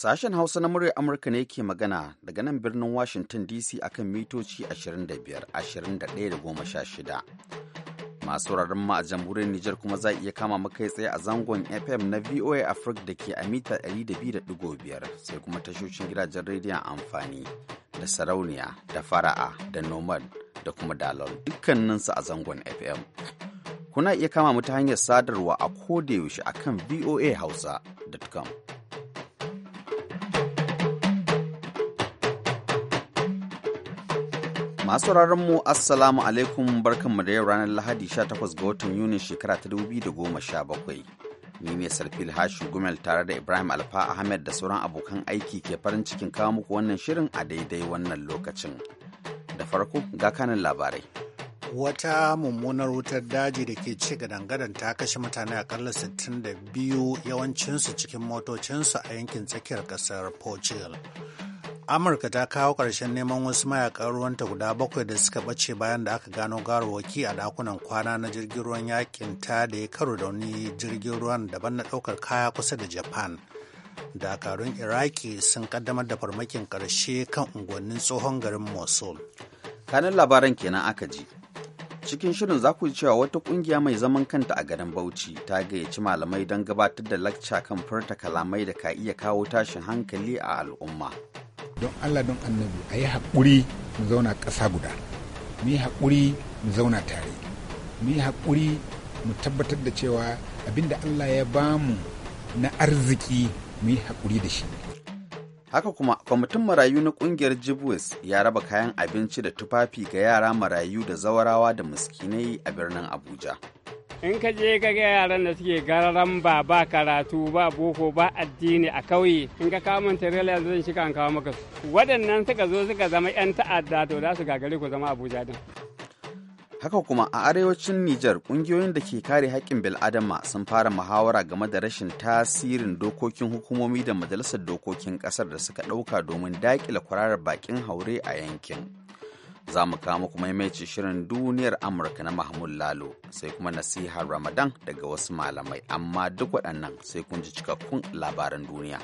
Sashen Hausa na muryar Amurka ne ke magana daga nan birnin Washington DC akan mitoci 25, 21 shida Masu wuraren ma a jamhuriyar Nijar kuma za iya kama makai tsaye a zangon FM na VOA Africa da ke a mita 200.5 sai kuma tashoshin gidajen rediyon amfani da sarauniya da fara'a da nomad da kuma dalol su a zangon FM. Kuna iya kama mu ta hanyar sadarwa a kodayaushe akan Hausa.com. Masu mu Assalamu alaikum barkanmu da yau ranar Lahadi 18 ga watan Yuni shekara ta 2017. Ni ne Sarfil Hashu Gumel tare da Ibrahim Alfa Ahmed da sauran abokan aiki ke farin cikin kawo muku wannan shirin a daidai wannan lokacin. Da farko ga kanin labarai. Wata mummunar wutar daji da ke ci gadangadan ta kashe mutane akalla 62 yawancinsu cikin motocinsu a yankin tsakiyar kasar Portugal. amurka ta kawo ƙarshen neman wasu mayakan ruwanta guda bakwai da suka ɓace bayan da aka gano garowaki a ɗakunan kwana na jirgin ruwan yakin ta da ya karo da wani jirgin ruwan daban na ɗaukar kaya kusa da japan dakarun iraki sun kaddamar da farmakin ƙarshe kan unguwannin tsohon garin mosul kanin labaran kenan aka ji cikin shirin za ku ji cewa wata kungiya mai zaman kanta a garin bauchi ta gayyaci malamai don gabatar da lakca kan furta kalamai da ka iya kawo tashin hankali a al'umma don allah don annabi a yi haƙuri mu zauna ƙasa guda mu yi haƙuri mu zauna tare mu yi haƙuri mu tabbatar da cewa abinda allah ya ba mu na arziki mu yi haƙuri da shi haka kuma kwamitin marayu na ƙungiyar jibwis ya raba kayan abinci da tufafi ga yara marayu da zawarawa da muskinai a birnin abuja in ka je ka ga yaran da suke gararan ba ba karatu ba boko ba addini a kauye in ka kawo min tarela yanzu zan shiga an kawo maka su waɗannan suka zo suka zama 'yan ta'adda to za su gagare ku zama abuja din haka kuma a arewacin Nijar kungiyoyin da ke kare haƙƙin bil'adama sun fara muhawara game da rashin tasirin dokokin hukumomi da majalisar dokokin ƙasar da suka ɗauka domin daƙile kwararar baƙin haure a yankin. za mu kawo muku maimaici shirin duniyar amurka na mahmud lalo sai kuma nasihar ramadan daga wasu malamai amma duk waɗannan sai kun ji cikakkun labaran duniya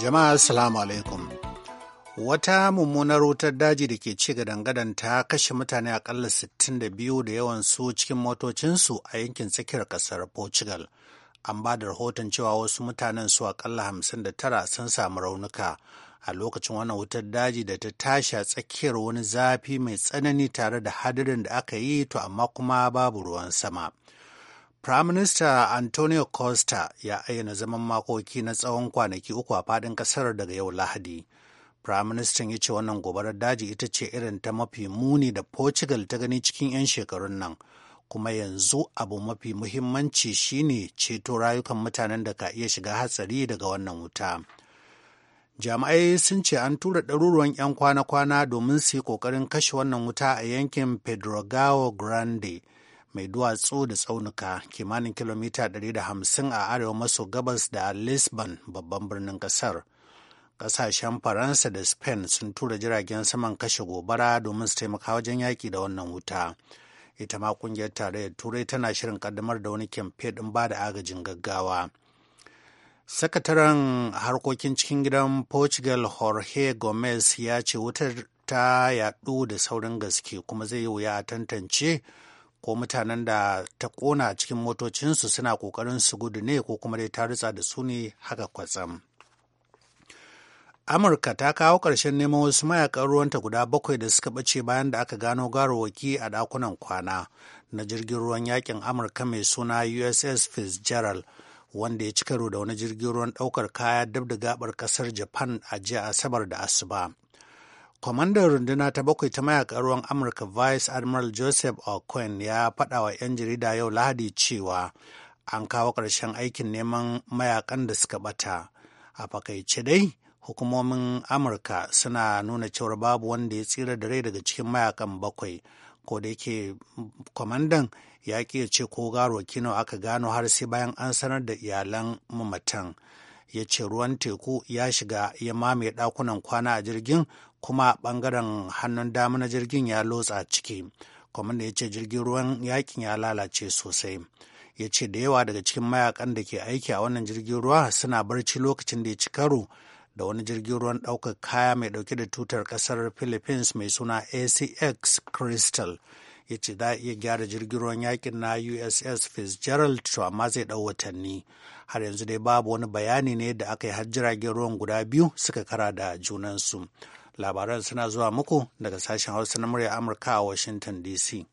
jama'a assalamu alaikum wata mummunar wutar daji da ke ci gadan ta kashe mutane akalla 62 da yawan su cikin motocinsu a yankin tsakiyar kasar portugal an ba da rahoton cewa wasu mutanen su akalla 59 sun samu raunuka a lokacin wannan wutar daji da ta tashi a tsakiyar wani zafi mai tsanani tare da hadirin da aka yi to amma kuma babu ruwan sama. Prime Minister Antonio Costa ya ayyana zaman makoki na tsawon kwanaki uku a faɗin ƙasar daga yau Lahadi. Prime Minister ya ce wannan gobarar daji ita ce irin ta mafi muni da Portugal ta gani cikin 'yan shekarun nan. kuma yanzu abu mafi muhimmanci shine ceto rayukan mutanen da ka iya shiga hatsari daga wannan wuta. Jami'ai sun ce an tura ɗaruruwan 'yan kwana-kwana domin su yi ƙoƙarin kashe wannan wuta a yankin Pedrogao Grande mai duwatsu da tsaunuka kimanin kilomita 150 a arewa maso gabas da Lisbon babban birnin ƙasar. kasashen faransa da spain sun tura jiragen saman kashe gobara domin su taimaka wajen yaki da wannan wuta ita ma kungiyar tarayyar turai tana shirin kaddamar da wani kyamfe din ba da agajin gaggawa sakataren harkokin cikin gidan portugal jorge gomez ya ce wutar ta yaɗu da saurin gaske kuma zai yi wuya a tantance ko mutanen da ta kona cikin motocinsu suna ƙoƙarin su gudu ne ko kuma dai ta da su ne haka kwatsam. amurka ta kawo ƙarshen neman wasu mayakan ruwanta guda bakwai da suka ɓace bayan da aka gano garowaki a ɗakunan kwana na jirgin ruwan yakin amurka mai suna uss fitzgerald wanda ya cika karo da wani jirgin ruwan ɗaukar kaya dab da gabar ƙasar japan a jiya asabar da asuba kwamandan runduna ta bakwai ta mayakan ruwan amurka vice admiral joseph o'quinn ya faɗa wa 'yan jarida yau lahadi cewa an kawo ƙarshen aikin neman mayakan da suka ɓata a fakaice dai hukumomin amurka suna nuna cewar babu wanda ya tsira da rai daga cikin mayakan bakwai ko da yake kwamandan ya ki ce ko garo kino aka gano har sai bayan an sanar da iyalan mamatan ya ce ruwan teku ya shiga ya mamaye dakunan kwana a jirgin kuma bangaren hannun dama na jirgin ya lotsa ciki kwamandan ya ce jirgin ruwan yakin ya lalace sosai ya ce da yawa daga cikin mayakan da ke aiki a wannan jirgin ruwa suna barci lokacin da ya ci karo da wani jirgin ruwan ɗaukar kaya mai ɗauke da tutar ƙasar philippines mai suna acx crystal ya ce za a iya gyara jirgin ruwan yakin na uss fitzgerald to amma zai ɗau watanni har yanzu dai babu wani bayani ne da aka yi har jiragen ruwan guda biyu suka kara da junansu labaran suna zuwa muku daga sashen hausa na murya amurka a washington dc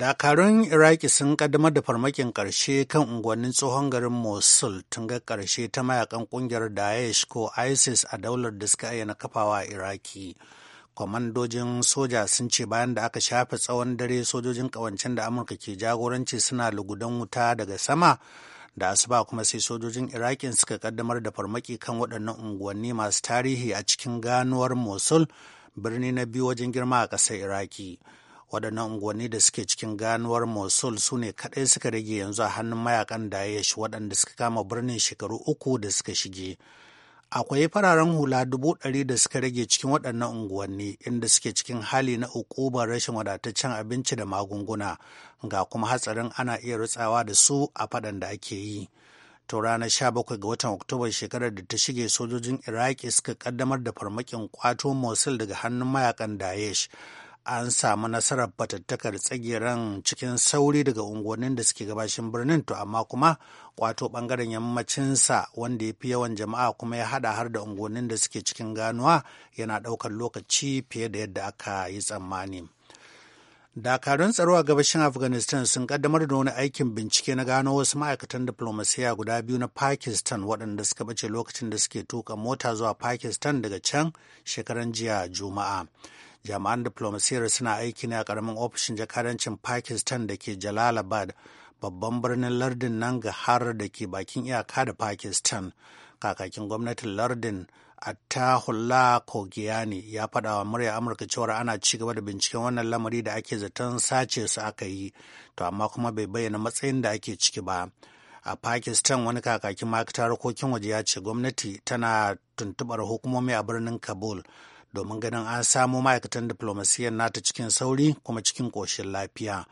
dakarun iraki sun kaddamar da farmakin ƙarshe kan unguwannin tsohon garin mosul tun ga ƙarshe ta mayakan ƙungiyar daesh ko isis a daular da suka ayyana kafawa a iraki kwamandojin soja sun ce bayan da aka shafe tsawon dare sojojin ƙawancen da amurka ke jagoranci suna lugudan wuta daga sama da asuba kuma sai sojojin irakin suka kaddamar da farmaki kan waɗannan unguwanni masu tarihi a cikin ganuwar mosul birni na biyu wajen girma a ƙasar iraki waɗannan unguwanni da suke cikin ganuwar mosul su ne kaɗai suka rage yanzu a hannun mayakan daesh waɗanda suka kama birnin shekaru uku da suka shige akwai fararen hula dubu ɗari da suka rage cikin waɗannan unguwanni inda suke cikin hali na ukubar rashin wadataccen abinci da magunguna ga kuma hatsarin ana iya rutsawa da su a faɗan da ake yi to ranar 17 ga watan oktoba shekarar da ta shige sojojin iraki suka kaddamar da farmakin kwato mosul daga hannun mayakan daesh an samu nasarar fatattakar tsagiran cikin sauri daga unguwannin da suke gabashin birnin to amma kuma wato bangaren yammacinsa wanda ya fi yawan jama'a kuma ya hada har da unguwannin da suke cikin ganuwa yana daukar lokaci fiye da yadda aka yi tsammani. dakarun tsaro a gabashin afghanistan sun kaddamar da wani aikin bincike na gano wasu ma'aikatan diplomasiya guda biyu na pakistan waɗanda suka bace lokacin da suke tuka mota zuwa pakistan daga can shekaran jiya juma'a jami'an diplomasiyar suna aiki ne a karamin ofishin jakadancin pakistan da ke jalalabad babban birnin lardin nan ga har da ke bakin iyaka da pakistan kakakin gwamnatin lardin Attahulla Kogiyani ya faɗa wa murya Amurka cewar ana ci gaba da binciken wannan lamari da ake zaton sace su aka yi, to amma kuma bai bayyana matsayin da ake ciki ba. A Pakistan wani kakakin ma'aikatar harkokin waje ya ce gwamnati tana tuntubar hukumomi a birnin Kabul domin ganin an samo ma'aikatan diplomasiyyar nata cikin sauri kuma cikin ƙoshin lafiya.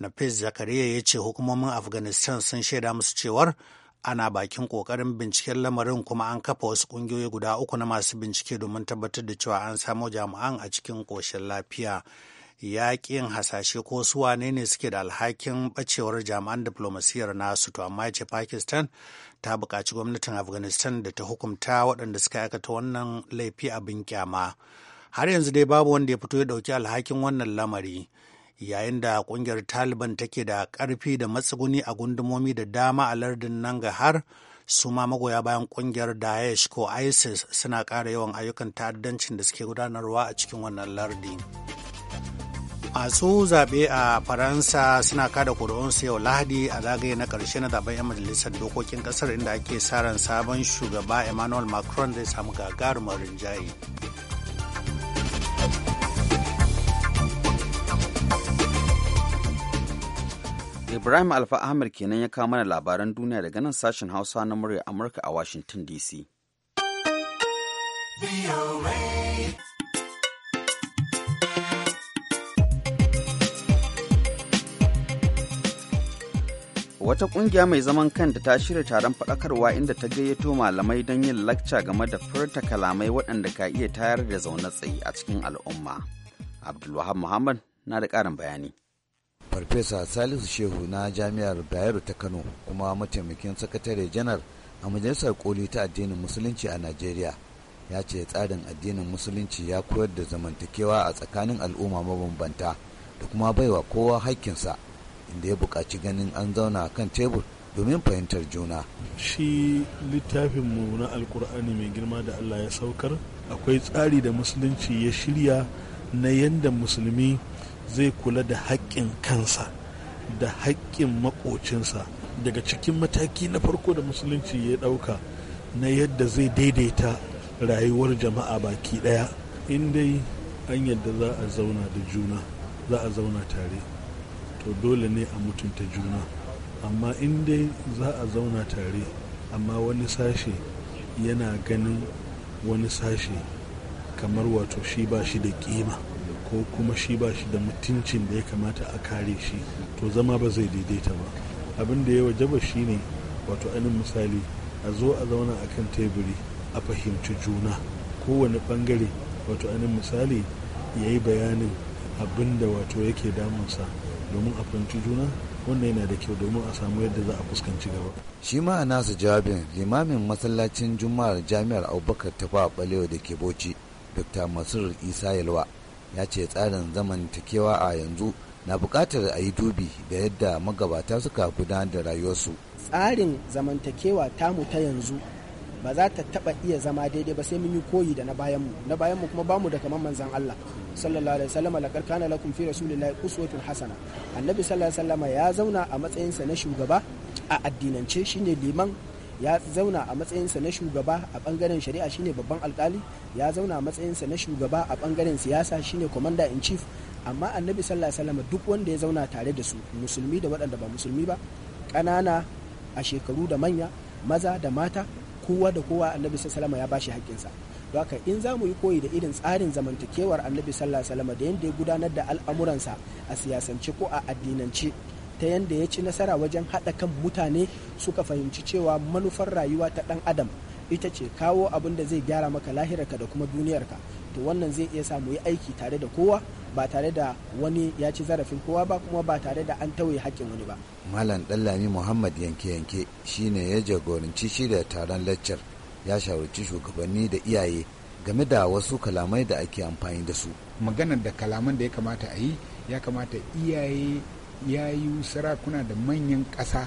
Nafis Zakariya ya ce hukumomin Afghanistan sun shaida musu cewar ana bakin kokarin binciken lamarin kuma an kafa wasu kungiyoyi guda uku na masu bincike domin tabbatar da cewa an samo jami'an a cikin ƙoshin lafiya yaƙin hasashe ko su wane ne suke da alhakin bacewar jami'an diplomasiyar nasu to amma ce pakistan ta buƙaci gwamnatin afghanistan da ta hukumta waɗanda suka aikata wannan laifi abin kyama har yanzu dai babu wanda ya fito ya ɗauki alhakin wannan lamari yayin da ƙungiyar taliban take da ƙarfi da matsuguni a gundumomi da dama a lardin nan ga har su ma magoya bayan ƙungiyar daesh ko isis suna ƙara yawan ayyukan ta'addancin da suke gudanarwa a cikin wannan lardin? masu zaɓe a faransa suna kada kuri'unsu yau lahadi a zagaye na ƙarshe na zaben 'yan majalisar dokokin ƙasar inda ake sa ran sabon shugaba emmanuel macron zai samu gagarumar rinjaye ibrahim alfa ahmed kenan ya kawo mana labaran duniya daga nan sashen hausa na murya amurka a washington dc wata ƙungiya mai zaman kanta ta shirya taron faɗakarwa inda ta gayyato malamai don yin lakca game da furta kalamai waɗanda ka iya tayar da zaune tsayi a cikin al'umma. Abdulwahab Muhammad na da ƙarin bayani. Farfesa Salisu Shehu na Jami'ar Bayero ta Kano kuma mataimakin sakatare janar a Majalisar Koli ta addinin Musulunci a Najeriya ya ce tsarin addinin Musulunci ya koyar da zamantakewa a tsakanin al'umma mabambanta da kuma baiwa kowa haƙƙinsa. inda ya buƙaci ganin an zauna kan tebur domin fahimtar juna. Shi littafin mu na Alƙur'ani mai girma da Allah ya saukar akwai tsari da musulunci ya shirya na yadda musulmi zai kula da haƙƙin kansa da haƙƙin maƙocinsa daga cikin mataki na farko da musulunci ya ɗauka na yadda zai daidaita rayuwar jama'a baki ɗaya in dai an yadda za a zauna da juna za a zauna tare to dole ne a mutunta juna amma in dai za a zauna tare amma wani sashe yana ganin wani sashe kamar wato shi ba shi da kima ko kuma shi ba shi da mutuncin da ya kamata a kare shi to zama ba zai daidaita ba abin da ya waje ba shi ne wato ainihin misali a zo a zauna a kan teburi a fahimci juna kowane bangare wato ainihin misali ya yi bayanin abin da wato yake damunsa domin a fahimci juna wannan yana da kyau domin a samu yadda za a fuskanci gaba. shi ma a nasu jawabin limamin masallacin juma'ar jami'ar abubakar ta tafa balewa da ke bauchi dr masur isa yalwa ya ce tsarin zamantakewa a yanzu na buƙatar a yi dubi da yadda magabata suka gudanar da rayuwarsu tsarin zamantakewa tamu ta yanzu ba za ta taba iya zama daidai ba sai mun yi koyi da na bayan mu na bayan mu kuma mu da kaman manzon Allah sallallahu alaihi wasallam laqad kana lakum fi rasulillahi uswatun hasana annabi sallallahu alaihi wasallam ya zauna a matsayinsa na shugaba a addinance shine liman ya zauna a matsayinsa na shugaba a bangaren shari'a shine babban alkali ya zauna a matsayinsa na shugaba a bangaren siyasa shine commander in chief amma annabi sallallahu alaihi wasallam duk wanda ya zauna tare da su musulmi da waɗanda ba musulmi ba ƙanana a shekaru da manya maza da mata kowa da kowa annabi sallama ya bashi haƙƙinsa don haka in za mu yi koyi da irin tsarin zamantakewar annabi sallallahu alaihi wasallam da yadda ya gudanar da al'amuransa a siyasance ko a addinance ta yadda ya ci nasara wajen haɗa kan mutane suka fahimci cewa manufar rayuwa ta ɗan adam ita ce kawo abin da zai gyara maka lahirarka da kuma duniyarka to wannan zai iya sa mu yi aiki tare da kowa ba tare da wani ya ci zarafin kowa ba kuma ba tare da an tauye haƙƙin wani ba. Malam Ɗallami Muhammad yanke-yanke shi ne ya jagoranci shi da taron laccar ya shawarci shugabanni da iyaye game da wasu kalamai da ake amfani da su. Maganar da kalaman da ya kamata a yi ya kamata iyaye yayu sarakuna da manyan ƙasa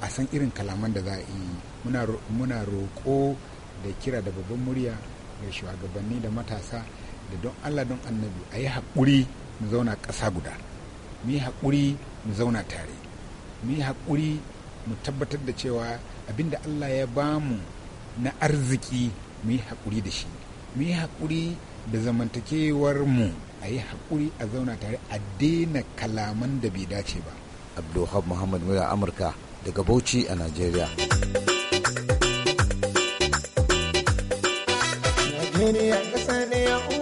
a san irin kalaman da za a yi muna roƙo da kira da babban murya ga shugabanni da matasa da don allah don annabi a yi haƙuri mu zauna ƙasa guda mu yi haƙuri mu zauna tare mu yi haƙuri mu tabbatar da cewa abinda allah ya ba mu na arziki mu yi haƙuri da shi mu yi haƙuri da zamantakewar mu a yi haƙuri a zauna tare a daina kalaman da bai dace ba abdulhab muhammad mura amurka daga bauchi a najeriya Nigeria,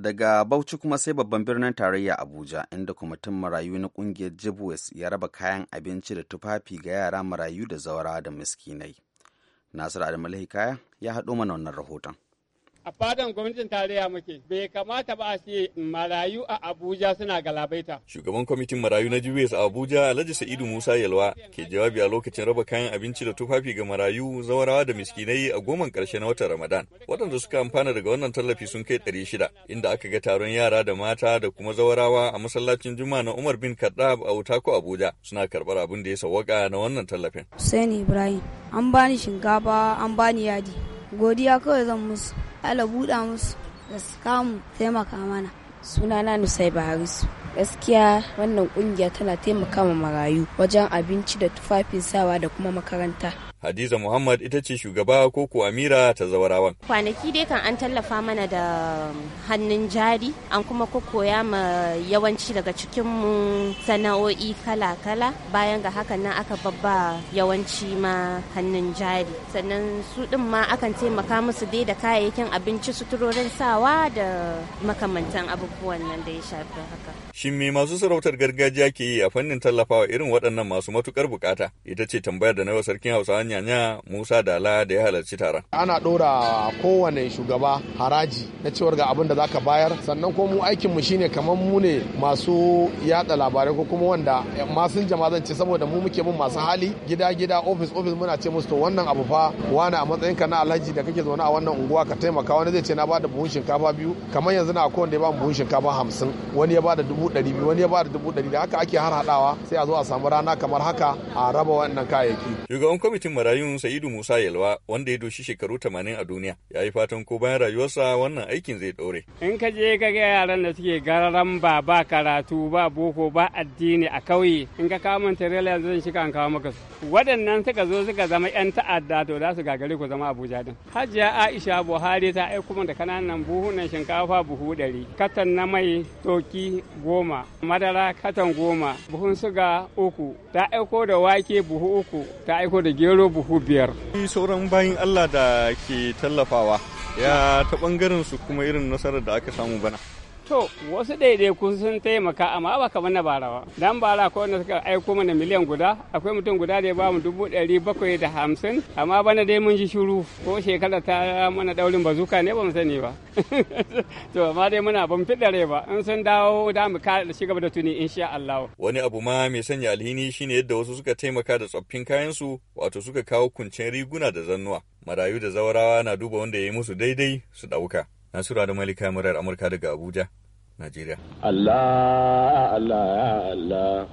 daga bauchi kuma sai babban birnin tarayya abuja inda kwamitin marayu na kungiyar jibwes ya raba kayan abinci da tufafi ga yara marayu da zawara da miskinai nasiru adamu kaya ya haɗo mana wannan rahoton a fadan gwamnatin tarayya muke bai kamata ba a ce marayu a abuja suna galabaita shugaban kwamitin marayu na jibes a abuja alhaji sa'idu musa yalwa ke jawabi a lokacin raba kayan abinci da tufafi ga marayu zawarawa da miskinai a goman karshe na watan ramadan waɗanda suka amfana daga wannan tallafi sun kai ɗari shida inda aka ga taron yara da mata da kuma zawarawa a masallacin juma'a na umar bin kaddab a wutako abuja suna karɓar abin da ya sawwaka na wannan tallafin sani ibrahim an bani shinkafa an bani yadi godiya kawai zan musu ala buɗa musu da su kamu taimaka mana sunana nusai baharisu gaskiya wannan ƙungiya tana taimaka ma marayu wajen abinci da tufafin sawa da kuma makaranta Hadiza Muhammad ita ce shugaba koko Amira ta zawarawan. Kwanaki dai kan an tallafa mana da um, hannun jari an kuma koya ma yawanci daga cikinmu sana'o'i kala-kala bayan ga hakan nan aka babba yawanci ma hannun jari. Sannan su din ma akan taimaka musu dai da kayayyakin abinci suturorin sawa da makamantan abubuwan nan da ya shafi haka. Shin me masu sarautar gargajiya ke yi a fannin tallafawa irin waɗannan masu matukar bukata? Ita ce tambayar da na sarkin Hausawa nyanya Musa Dala da ya halarci taron. Ana ɗora kowane shugaba haraji na cewar ga abin da za ka bayar sannan ko mu aikin mu shine kamar mu ne masu yada labarai ko kuma wanda masun jama'a zan ce saboda mu muke bin masu hali gida gida ofis ofis muna ce musu to wannan abu fa wani a matsayin ka na alhaji da kake zaune a wannan unguwa ka taimaka wani zai ce na bada buhun shinkafa biyu kamar yanzu na akwai wanda ya ba buhun shinkafa hamsin wani ya bada dubu ɗari biyu wani ya bada dubu ɗari da haka ake har haɗawa sai a zo a samu rana kamar haka a raba wannan kayayyaki. Shugaban kwamitin marayun Sa'idu Musa Yalwa wanda ya doshi shekaru 80 a duniya ya yi fatan ko bayan rayuwarsa wannan aikin zai ɗore. In ka je ka ga yaran da suke gararan ba ba karatu ba boko ba addini a kauye in ka kawo min tirela yanzu zan shiga an kawo maka su. Waɗannan suka zo suka zama 'yan ta'adda to za su gagare ku zama Abuja din. Hajiya Aisha Buhari ta aiko da kananan buhunan shinkafa buhu ɗari katan na mai toki goma madara katan goma buhun suga uku ta aiko da wake buhu uku ta aiko da gero buhu biyar. Sauran bayin Allah da ke tallafawa ya ta ɓangaren su kuma irin nasarar da aka samu bana. To wasu kun sun taimaka amma ba kamar na bara ba. Dan bara ko wanda suka aiko mana miliyan guda, akwai mutum guda da ya ba mu dubu ɗari bakwai da hamsin, amma bana dai mun ji shuru ko shekara ta mana daurin bazuka ne ba mu sani ba. to amma dai muna ban ɗare ba, in sun dawo da mu ka ci gaba da tuni insha Allah. Wani abu ma mai sanya alhini shine yadda wasu suka taimaka da tsoffin kayansu wato suka kawo kuncin riguna da zannuwa. Marayu da zawarawa na duba wanda ya yi musu daidai su ɗauka. Nasura da Malika murar Amurka daga Abuja, Najeriya. Allah Allah Allah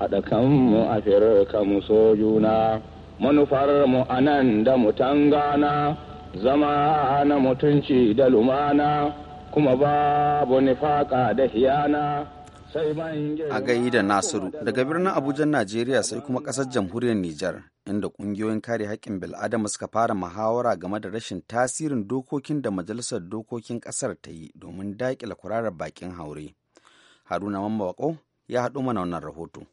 haɗa kanmu a kanmu so juna manufar mu anan da mu tangana zama na mutunci da lumana kuma babu nifaka da hiyana. A gayi da Nasiru daga birnin Abuja, Najeriya sai kuma ƙasar jamhuriyar Nijar, inda ƙungiyoyin kare haƙƙin bil'adama suka fara muhawara game da rashin tasirin dokokin da Majalisar Dokokin ƙasar ta yi domin daƙile kurarar bakin haure. Haruna Mambaƙo ya haɗu mana wannan rahoto.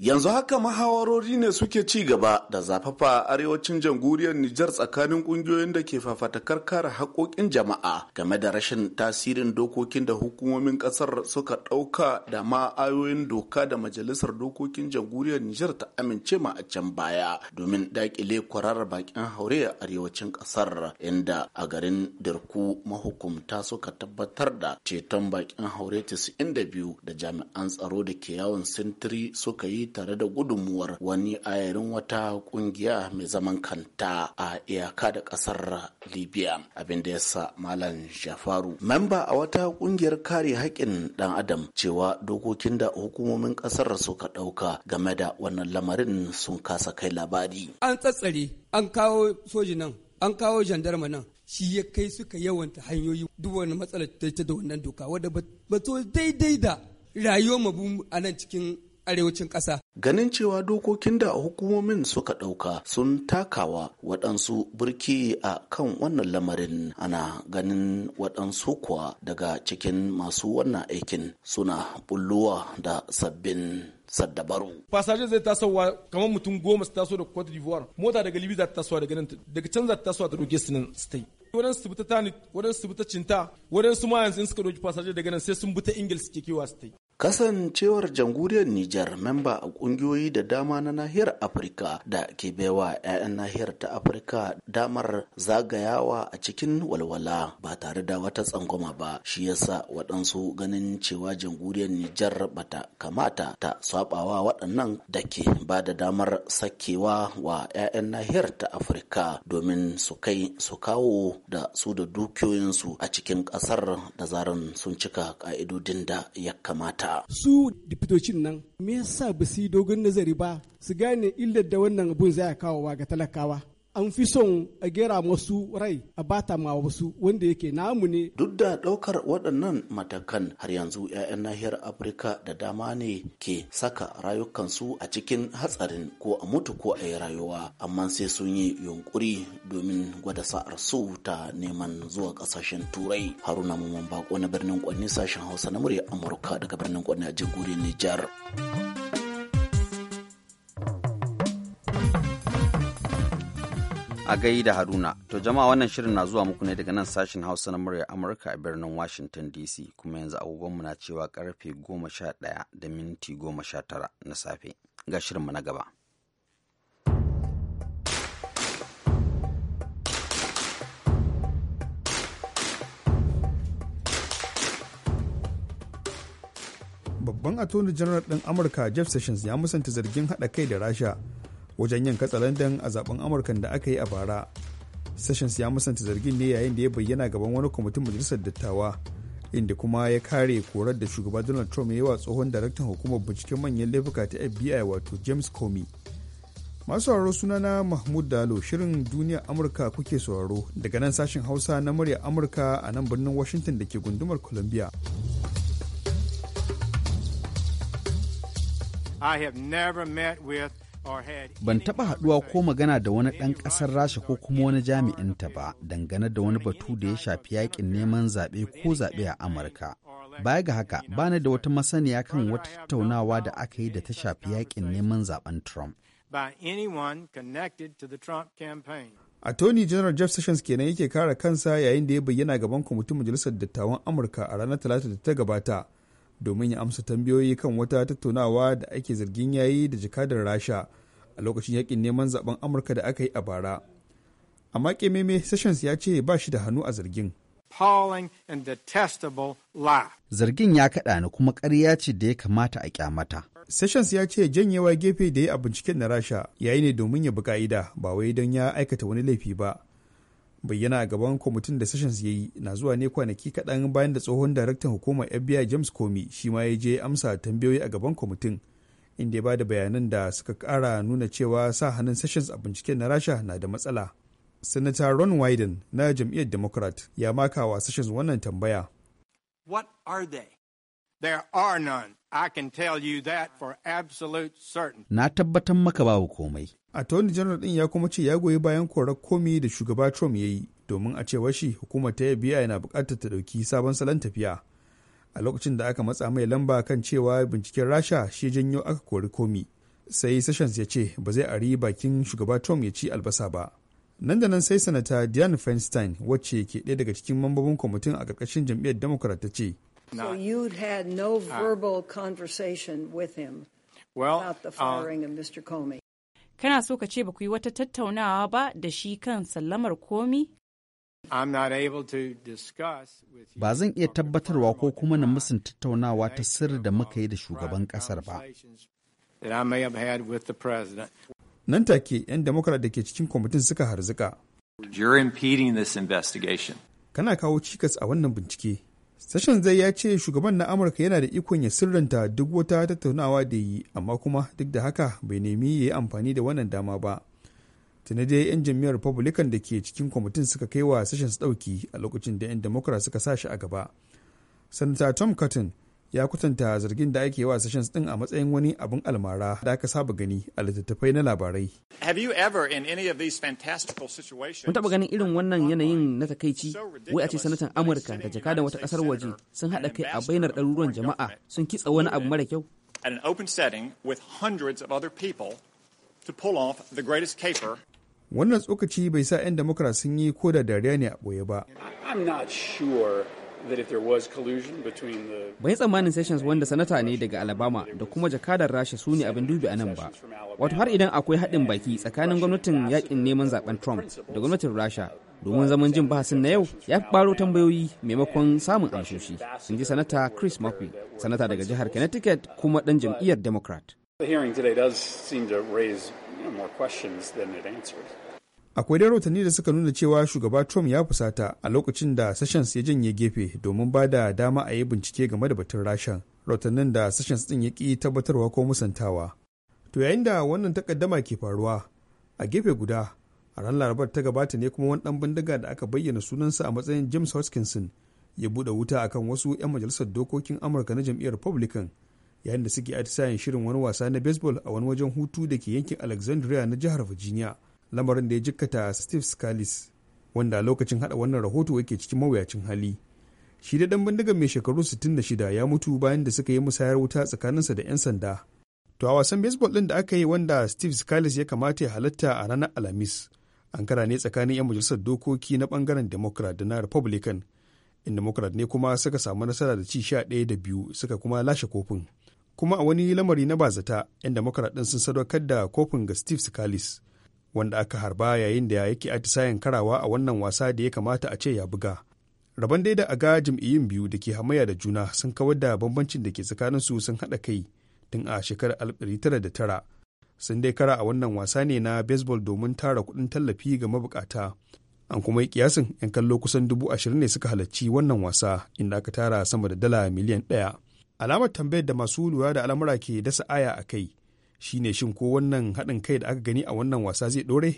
yanzu haka mahawarori ne suke ci gaba da zafafa arewacin jamhuriyar Nijar tsakanin kungiyoyin da ke fafatakar kare haƙoƙin jama'a game da rashin tasirin dokokin da hukumomin ƙasar suka ɗauka da ma ayoyin doka da majalisar dokokin jamhuriyar Nijar ta amince ma a can baya domin daƙile kwararar bakin haure a arewacin ƙasar inda a garin Dirku mahukumta suka tabbatar da ceton bakin haure 92 da jami'an tsaro da ke yawon sintiri suka yi tare da gudunmuwar wani ayarin wata kungiya mai zaman kanta a iyaka da kasar libya abinda ya sa malam shafaru memba a wata kungiyar kare haƙƙin dan adam cewa dokokin da hukumomin kasar suka ɗauka game da wannan lamarin sun kasa kai labari an tsatsare an kawo soji nan an kawo jandarma nan shi ya kai suka yawanta hanyoyi duk wani matsalar ta da wannan doka wadda ba to daidai da rayuwar mu a nan cikin arewacin ƙasa. Ganin cewa dokokin da hukumomin suka ɗauka sun takawa waɗansu burki a kan wannan lamarin ana ganin waɗansu kuwa daga cikin masu wannan aikin suna bulluwa da sabbin sadabaru. Fasaje zai tasowa kamar mutum goma su taso da Cote d'Ivoire, mota daga Libya za ta tasowa daga nan daga can za ta tasowa ta ɗauke su nan stai. Wadan su buta tanit, wadan su buta cinta, wadan su ma yanzu in suka doki fasaje daga nan sai sun buta Ingil suke kewa stai. Kasancewar jamhuriyar Nijar memba a kungiyoyi da dama na nahiyar Afirka da ke baiwa 'ya'yan nahiyar ta Afirka damar zagayawa a cikin walwala ba tare da wata tsangwama ba shi yasa waɗansu ganin cewa jamhuriyar Nijar bata kamata ta saɓawa waɗannan da ke ba da damar sakewa wa 'ya'yan nahiyar ta Afirka domin su kai su kawo da su da dukiyoyinsu a cikin ƙasar da zaran sun cika ƙa'idodin da ya kamata. ta. Su dipitocin nan me yasa ba su yi dogon nazari ba su gane illar da wannan abun zai kawowa ga talakawa. an fi son a gera masu rai a bata ma wasu wanda yake namu ne. Duk da ɗaukar waɗannan matakan har yanzu 'ya'yan nahiyar Afirka da dama ne ke saka rayukansu a cikin hatsarin ko a mutu ko a yi rayuwa amma sai sun yi yunkuri domin gwada sa'ar su ta neman zuwa ƙasashen turai. Haruna Mamman Bako na birnin Kwanni sashen Hausa na murya Amurka daga birnin Kwanni a jamhuriyar Nijar. a gai da haruna to jama'a wannan shirin na zuwa muku ne daga nan sashen hausa na murya amurka a birnin washington dc kuma yanzu agogonmu na cewa karfe goma sha ɗaya da minti goma sha tara na safe ga shirinmu na gaba babban attorney general ɗin amurka jeff sessions ya musanta zargin haɗa kai da rasha wajen yin katsalandan a zaben amurkan da aka yi a bara sessions ya musanta zargin ne yayin da ya bayyana gaban wani kwamitin majalisar dattawa inda kuma ya kare korar da shugaba donald trump ya yi wa tsohon daraktan hukumar binciken manyan laifuka ta fbi wato james comey masu sauraro sunana mahmud dalo shirin duniya amurka kuke sauraro daga nan sashen hausa na murya amurka a nan birnin washington da ke gundumar columbia I have never met with Ban taɓa haɗuwa ko magana da wani dan ƙasar Rasha ko kuma wani jami'inta ba dangane da wani batu da ya shafi yaƙin neman zaɓe ko zaɓe a Amurka. Baya ga haka, bani da wata masaniya kan wata tattaunawa da aka yi da ta shafi yaƙin neman zaɓen Trump. a tony General Jeff Sessions kenan yake kare kansa yayin da ya bayyana gaban kwamitin Majalisar Dattawan Amurka a ranar Talata da ta gabata domin ya amsa tambayoyi kan wata tattaunawa da ake zargin yayi da jakadar rasha a lokacin yakin neman zaben amurka da aka yi a bara amma kememe sessions ya ce ba shi da hannu a zargin zargin ya kaɗa ni kuma ƙarya ce da ya kamata a kyamata sessions ya ce janyewa gefe da ya a binciken na rasha yayi ne domin ya bi ka'ida ba wai don ya aikata wani laifi ba bayyana a gaban kwamitin da sessions ya yi na zuwa ne kwanaki kaɗan bayan da tsohon daraktan hukumar fbi james comey shi ma ya je amsa tambayoyi a gaban kwamitin inda ya ba da bayanan da suka ƙara nuna cewa sa hannun sessions a binciken na rasha na da matsala senator ron wyden na jam'iyyar democrat ya maka wa sessions wannan tambaya what are they there are none Na tabbatar maka babu komai. Attorney General ɗin ya kuma ce ya goyi bayan korar komi da shugaba Trump ya yi domin a cewar shi hukumar ta biya yana bukatar ta ɗauki sabon salon tafiya. A lokacin da aka matsa mai lamba kan cewa binciken Rasha shi janyo aka kori komi. Sai Sessions ya ce ba zai ari bakin shugaba Trump ya ci albasa ba. Nan da nan sai sanata Dianne Feinstein wacce ke ɗaya daga cikin mambobin kwamitin a ƙarƙashin jam'iyyar Democrat ta ce Not, so you'd had no ah. verbal conversation with him well, about the uh, firing of Mr. Comey. Kana so ka ce ba ku yi wata tattaunawa ba da shi kan sallamar Comey? Ba zan iya tabbatarwa ko kuma na musun tattaunawa ta sirri da muka yi da shugaban kasar ba. had with the Nan take 'yan Democrat da ke cikin kwamitin suka harzuka. this investigation Kana kawo cikas a wannan bincike. sashen zai ya ce shugaban na amurka yana da ikon ya sirranta duk wata tattaunawa da yi amma kuma duk da haka bai nemi ya yi amfani da wannan dama ba tuni dai 'yan jam'iyyar republican da ke cikin kwamitin suka kai wa sashen su ɗauki a lokacin da 'yan democrat suka sa shi a gaba sanata tom cotton ya kwatanta zargin da ake wa sessions din a matsayin wani abin almara da aka saba gani a littattafai na labarai. Mun taɓa ganin irin wannan yanayin na takaici wai a ce sanatan Amurka da jakadan wata ƙasar waje sun haɗa kai a bainar ɗaruruwan jama'a sun kitsa wani abu mara kyau. Wannan tsokaci bai sa 'yan Democrats sun yi ko da dariya ne a ɓoye ba. bai tsammanin sessions wanda sanata ne daga alabama da kuma jakadar rasha su ne abin dubi a nan ba wato har idan akwai haɗin baki tsakanin gwamnatin yakin neman zaben trump da gwamnatin rasha domin zaman jin bahasin na yau ya fi ɓaro tambayoyi maimakon samun amsoshi in ji sanata chris murphy sanata daga jihar connecticut kuma ɗan jam'iyyar democrat The hearing today does seem to raise you akwai dai rahotanni da suka nuna cewa shugaba trump ya fusata a lokacin da sessions ya janye gefe domin ba da dama a yi bincike game da batun rashan rahotannin da sessions din ya ki tabbatarwa ko musantawa to yayin da wannan takaddama ke faruwa a gefe guda a ran larabar ta gabata ne kuma wani dan bindiga da aka bayyana sunansa a matsayin james hoskinson ya bude wuta akan wasu 'yan majalisar dokokin amurka na jam'iyyar republican yayin da suke atisayen shirin wani wasa na baseball a wani wajen hutu da ke yankin alexandria na jihar virginia lamarin da ya jikkata steve scalis wanda a lokacin hada wannan rahoto yake cikin mawuyacin hali shi da dan bindigar mai shekaru 66 ya mutu bayan da suka yi musayar wuta tsakaninsa da 'yan sanda to a wasan baseball din da aka yi wanda steve scalis ya kamata ya halatta a ranar alhamis an kara ne tsakanin 'yan majalisar dokoki na bangaren democrat da na republican in democrat ne kuma suka samu nasara da ci sha ɗaya da biyu suka kuma lashe kofin kuma a wani lamari na bazata 'yan democrat din sun sadaukar da kofin ga steve scalis wanda aka harba yayin da yake atisayen karawa a wannan wasa da ya kamata a ce ya buga rabon dai da a ga jam'iyyun biyu da ke hamayya da juna sun kawar da bambancin da ke tsakanin su sun haɗa kai tun a shekarar tara. sun dai kara a wannan wasa ne na baseball domin tara kuɗin tallafi ga mabukata an kuma yi kiyasin 'yan kallo kusan dubu ashirin ne suka halarci wannan wasa inda aka tara sama da dala miliyan ɗaya alamar tambayar da masu lura da al'amura ke dasa aya a kai shine shin ko wannan haɗin kai da aka gani a wannan wasa zai ɗore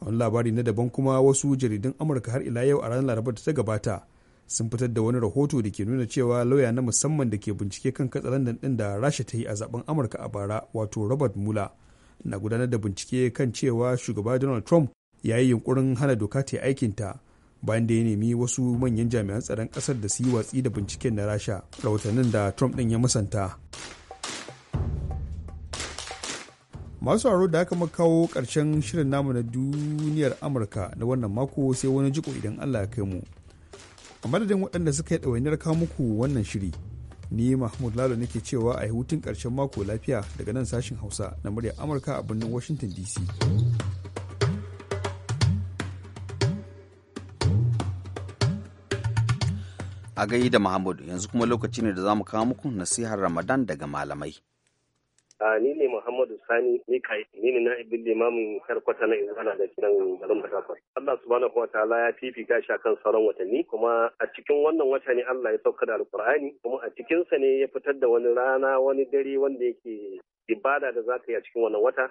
a wani labari na daban kuma wasu jaridun amurka har ila yau a ranar laraba da ta gabata sun fitar da wani rahoto da ke nuna cewa lauya na musamman da ke bincike kan katsalandan ɗin da rasha ta yi a zaben amurka a bara wato robert mueller na gudanar da bincike kan cewa shugaba donald trump ya yi yunkurin hana doka ta aikinta bayan da ya nemi wasu manyan jami'an tsaron ƙasar da su yi watsi da binciken na rasha rahotannin da trump ɗin ya musanta masu aro da aka kawo karshen shirin namu na duniyar amurka na wannan mako sai wani jiko idan allah ya kai mu a madadin waɗanda suka yi ɗawainiyar kawo muku wannan shiri ni mahmud lalo nake cewa a yi hutun ƙarshen mako lafiya daga nan sashin hausa na muryar amurka a birnin washington dc a gai da mahmud yanzu kuma lokaci ne da za mu kawo muku nasihar ramadan daga malamai a ni ne Muhammadu Sani ni Mikai ni ne na ibin limamin karkwata na ana da kiran garin Fatakwal Allah subhanahu wa ta'ala ya fifita shi kan sauran watanni kuma a cikin wannan wata ne Allah ya sauka da Alkur'ani kuma a cikinsa ne ya fitar da wani rana wani dare wanda yake ibada da za ka yi a cikin wannan wata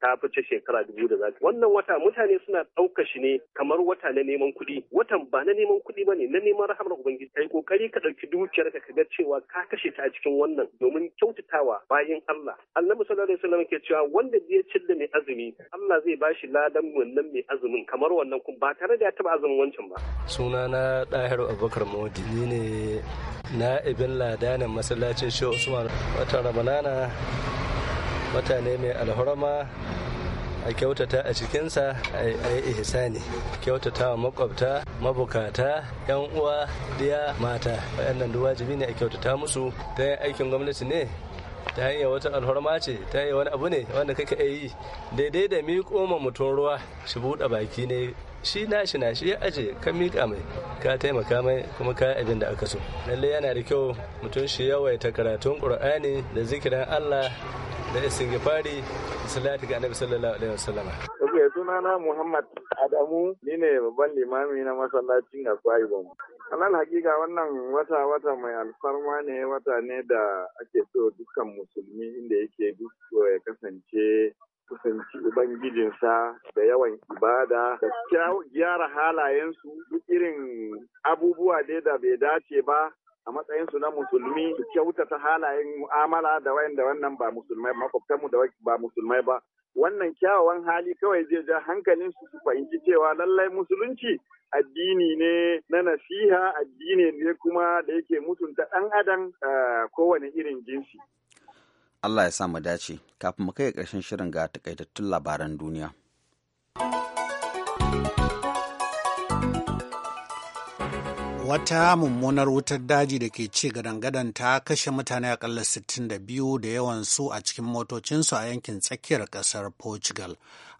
ta fice shekara dubu da zaki wannan wata mutane suna ɗauka shi ne kamar wata na neman kuɗi watan ba na neman kuɗi ba ne na neman rahamar ubangiji kai kokari ka ɗauki dukiyar ka ga cewa ka kashe ta a cikin wannan domin kyautatawa bayan Allah annabi sallallahu alaihi wasallam ke cewa wanda ya cilla mai azumi Allah zai bashi ladan wannan mai azumin kamar wannan kun ba tare da ya taɓa azumin wancan ba sunana Dahir Abubakar Modi ni ne na ibin ladanin masallacin Shehu Usman watan Ramadana mutane mai alhurma a kyautata a cikinsa a yi ihsani kyautata wa makwabta mabukata yan uwa diya mata waɗannan duk wajibi ne a kyautata musu ta aikin gwamnati ne ta hanyar wata alhorma ce ta hanyar wani abu ne wanda kake yi daidai da miƙo ma mutum ruwa shi buɗe baki ne shi na shi na shi ya aje ka miƙa mai ka taimaka mai kuma ka abin da aka so lallai yana da kyau mutum shi yawaita karatun ƙur'ani da zikirin allah da istighfari fari salati ga annabi sallallahu alaihi wasallam Okay, sunana Muhammad Adamu ni ne babban limami na masallacin Akwai Bomo. Alal hakika wannan wata wata mai alfarma ne wata ne da ake so dukkan musulmi inda yake duk ya kasance kusanci Ubangijinsa da yawan ibada da gyara halayensu duk irin abubuwa dai da bai dace ba a matsayin su na musulmi su kyautata halayen mu'amala da wayanda wannan ba musulmai makwabtanmu da ba musulmai ba wannan kyawawan hali kawai zai ja hankalin su su fahimci cewa lallai musulunci addini ne na nasiha addini ne kuma da yake mutunta ɗan adam kowane irin jinsi Allah ya sa mu dace kafin mu kai ƙarshen shirin ga takaitattun labaran duniya. Wata mummunar wutar daji da ke ci gadan-gadan ta kashe mutane akalla 62 da yawan su a cikin motocinsu a yankin tsakiyar kasar Portugal.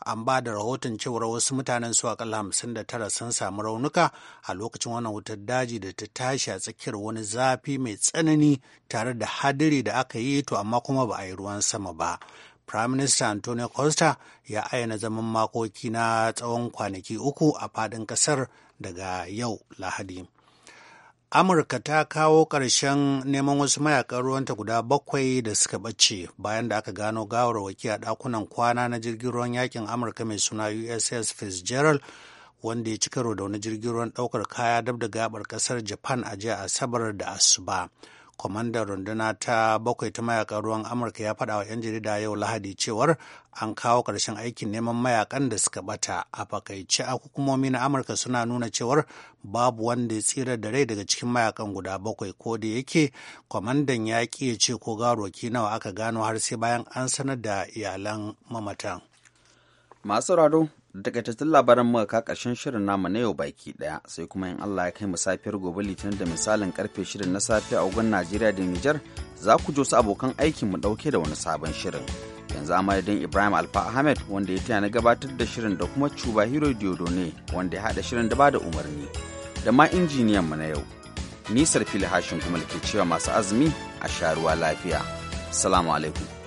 An ba da rahoton cewar wasu mutanen su akalla 59 sun samu raunuka a lokacin wannan wutar daji da ta tashi a tsakiyar wani zafi mai tsanani tare da hadiri da aka yi to amma kuma ba a yi ruwan sama ba. Prime Minister Antonio Costa ya ayyana zaman makoki na tsawon kwanaki uku a faɗin ƙasar daga yau Lahadi. Amurka ta kawo ƙarshen neman wasu mayakan ruwanta guda bakwai da suka ɓace bayan da aka gano gawarwaki a ɗakunan kwana na jirgin ruwan yakin Amurka mai suna USS Fitzgerald wanda ya cika karo da jirgin ruwan ɗaukar kaya dab da gabar ƙasar Japan a jiya Asabar da Asuba. kwamandan runduna ta bakwai ta mayakan ruwan amurka ya faɗa wa 'yan jarida yau lahadi cewar an kawo ƙarshen aikin neman mayakan da suka bata a fakaice a hukumomi na amurka suna nuna cewar babu wanda ya tsira da rai daga cikin mayakan guda bakwai ko da yake kwamandan ya ƙi ya ce ko garoki nawa aka gano har sai bayan an sanar da iyalan mamatan masu rado da takaitattun labaran muka ka karshen shirin namu na yau baki ɗaya sai kuma in Allah ya kai mu safiyar gobe litinin da misalin karfe shirin na safe a gwan Najeriya da Nijar za ku su abokan aikin mu ɗauke da wani sabon shirin yanzu a madadin Ibrahim Alfa Ahmed wanda ya taya na gabatar da shirin da kuma Cuba Hero ne wanda ya haɗa shirin da bada umarni da ma injiniyan mu na yau nisar fili hashin kuma ke cewa masu azumi a sharuwa lafiya salamu alaikum